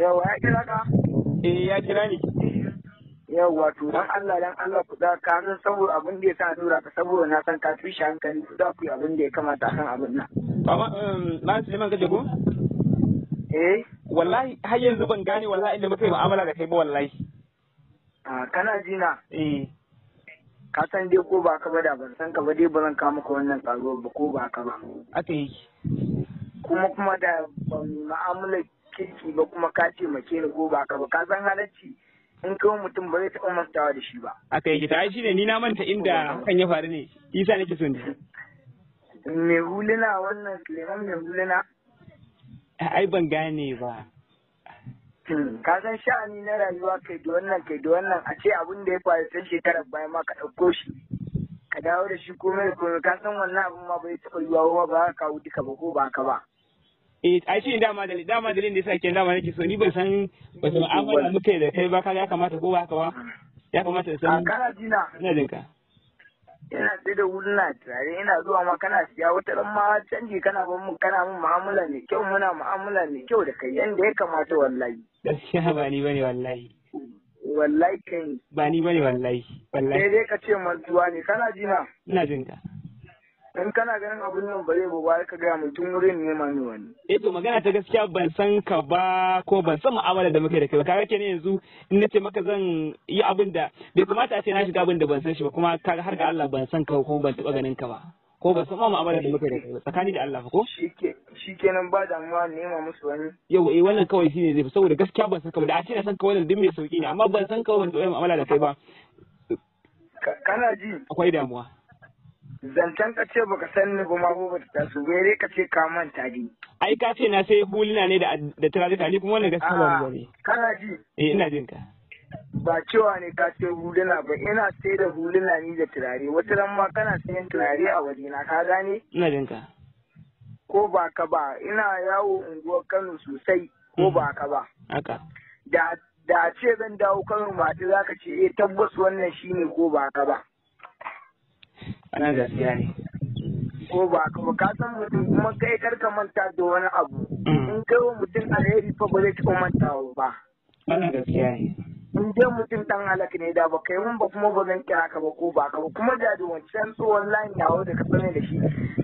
Yawa ya kira ka? Eh ya kira ni. Yawa to dan Allah dan Allah ku da ka san saboda abin da ya sa tura ka saboda na san ka tushe hankali ku da ku yi abin da ya kamata kan abin nan. Baba um, na su liman gaje ko? Eh. Wallahi har yanzu ban gane wallahi inda muka yi mu'amala da kai ba wallahi. Ah kana jina? Eh. ka san dai ko ba ka ba da ban san ka ba dai ba zan kawo maka wannan tsaro ba ko ba ka ba. Aka yi. Kuma kuma da ma'amalar kirki ba kuma ka ce mace ni ko ba ka ba ka san halarci in kawo mutum ba zai taɓa mantawa da shi ba. Aka yake ta shi ne ni na manta inda hakan ya faru ne isa nake son ne. Me hulina wannan Suleiman me hulina? Ai ban gane ba. Hmm, ka san sha'ani na rayuwa kai da wannan kai da wannan a ce abin da ya faru sai shekarar baya ma ka ɗauko shi. Ka dawo da shi komai komai ka san wannan abin ma bai taɓa yiwuwa ba ka kawo duka ba ko ba ka ba. eh ai shi dama dalilin dama dalilin da yasa ke dama nake so ni ban san ba san amana muke da kai ba kaga ya kamata ko ba haka ba ya kamata san kana jina ina jinka ina sai da wurin na tare ina zuwa ma kana siya wata ran ma canji kana ban mu kana mun mu'amala ne kyau muna mu'amala ne kyau da kai yanda ya kamata wallahi gaskiya ba ni bane wallahi wallahi kai ba ni bane wallahi wallahi sai dai ka ce mantuwa ne kana jina ina jinka in kana ganin abun nan ba zai ba ka gaya mutum wurin ne ma ne wani eh to magana ta gaskiya ban san ka ba ko ban san mu'amala da muke da kai ba kaga kenan yanzu in nace maka zan yi abin da bai kamata a ce na shiga abin da ban san shi ba kuma kaga har ga Allah ban san ka ko ban taba ganin ka ba ko ba san mu'amala da muke da kai tsakani da Allah ko shikenan ba damuwa ma musu wani yau eh wannan kawai shine zai fi saboda gaskiya ban san ka ba, da a ce na san ka wannan duk mai sauki ne amma ban san ka ban mu'amala da kai ba kana ji akwai damuwa zancen ka ce baka san ni ba ma ba taso wai ka ce ka manta ni ai ka ce na sai huluna ne da da tarajika ni kuma wannan gaskiya ba ne kana ji eh ina jin ka ba cewa ne ka ce huluna ba ina sai da huluna ni da turare wata ran ma kana sayan turare a wajena ka gane ina jin ka ko ba ka ba ina yawo unguwar Kano sosai ko ba ka ba mm-hmm. haka da da ce zan dawo Kano ma za ka ce eh tabbas wannan shine ko ba ka ba Ana gaskiya ne ko ba ka ba ka san mutum kuma kai kar ka manta da wani abu mm. in kai wa mutum alheri fa ba zai taɓa mantawa ba Ana gaskiya ne in dai mutum dan halaka ne da ba kai mun ba kuma ba zan kira ka ba ko ba ka ba kuma da da wancan tsohon layin yawo da ka sani da shi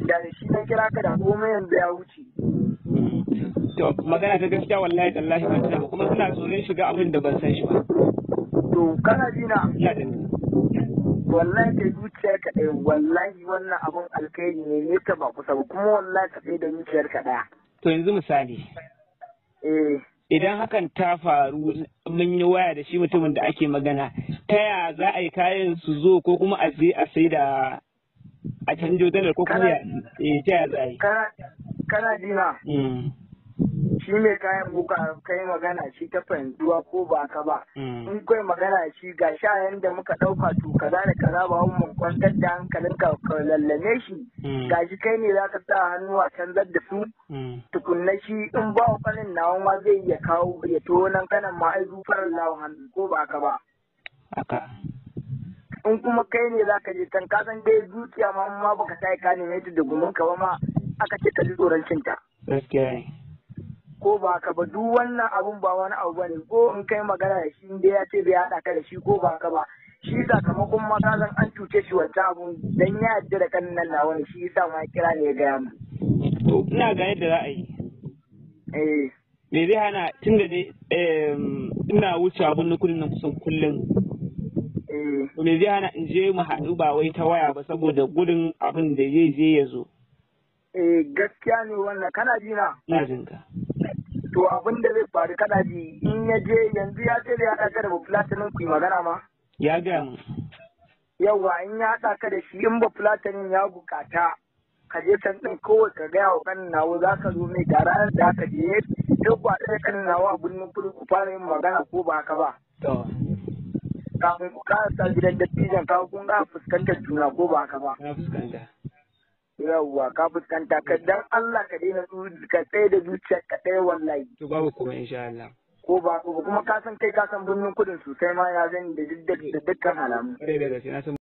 da da shi na kira ka da komai yanzu ya wuce to magana ta gaskiya wallahi tallahi ban kuma suna tsoron shiga abin da ban san shi ba to kana jina ina wallahi kai zuciyar ka ɗaya wallahi wannan abun alkhairi ne ne ka ba kusa ba kuma wallahi ka da zuciyar ka ɗaya. To yanzu misali. Eh. Idan hakan ta faru mun yi waya da shi mutumin da ake magana ta ya za a yi kayan su zo ko kuma a je a sai da a canjo dalar ko kuma ya eh, ta ya za a yi. Kana jina. Mm. shi mai kayan buka kai magana shi ta fahimtuwa ko ba ka ba mm. in kai magana shi ga sha yanda muka ɗauka to kaza da kaza ba mun kwantar da hankalin ka lallame shi mm. ga shi kai ne zaka sa hannu a canzar da su mm. tukunna shi in ba kwanin na ma zai iya kawo ya to nan kanan ma ai zufarar lawan hannu ko ba ka ba in kuma kai ne zaka je kan ka san dai zuciya ma ma baka sai ka neme ta da gumin ka ba ma aka ce ka ji tsoron cinta gaskiya ko ba ka ba duk wannan abun ba wani abu bane ko in kai magana da shi inda ya ce bai haɗa ka da shi ko ba ka ba shi sakamakon maka zan an cuce shi wata abun dan ya yadda da kan nan nawa shi yasa ma kira ne ya gaya mu ina ga yadda za a yi eh me zai hana tunda dai ina wuce abun nukunin nan kusan kullum eh. me zai hana in je mu haɗu ba wai ta waya ba saboda gudun abin da zai je ya zo eh gaskiya ne wannan kana jina na jinka to abin da zai faru kaɗa ji in ya je yanzu ya ce ya haɗa ka da bafulatanin ku yi magana ma ya gaya mu yauwa in ya haɗa ka da shi in bafulatanin ya bukata ka je can ɗin kowai ka gaya wa kan nawo za ka zo mai tara da ka je ya ba da kan nawo a birnin kudu ku fara yin magana ko ba ka ba kafin ku sa gidan dattijan kawo kun ga fuskantar juna ko ba ka ba na fuskanta yawwa ka fuskanta ka dan Allah ka daina ka tsaye da zuciya ka tsaye wallahi to babu kuma insha Allah ko ba kuma ka san kai ka san birnin kudin sosai ma ya zan da dukkan alamu da gaske na san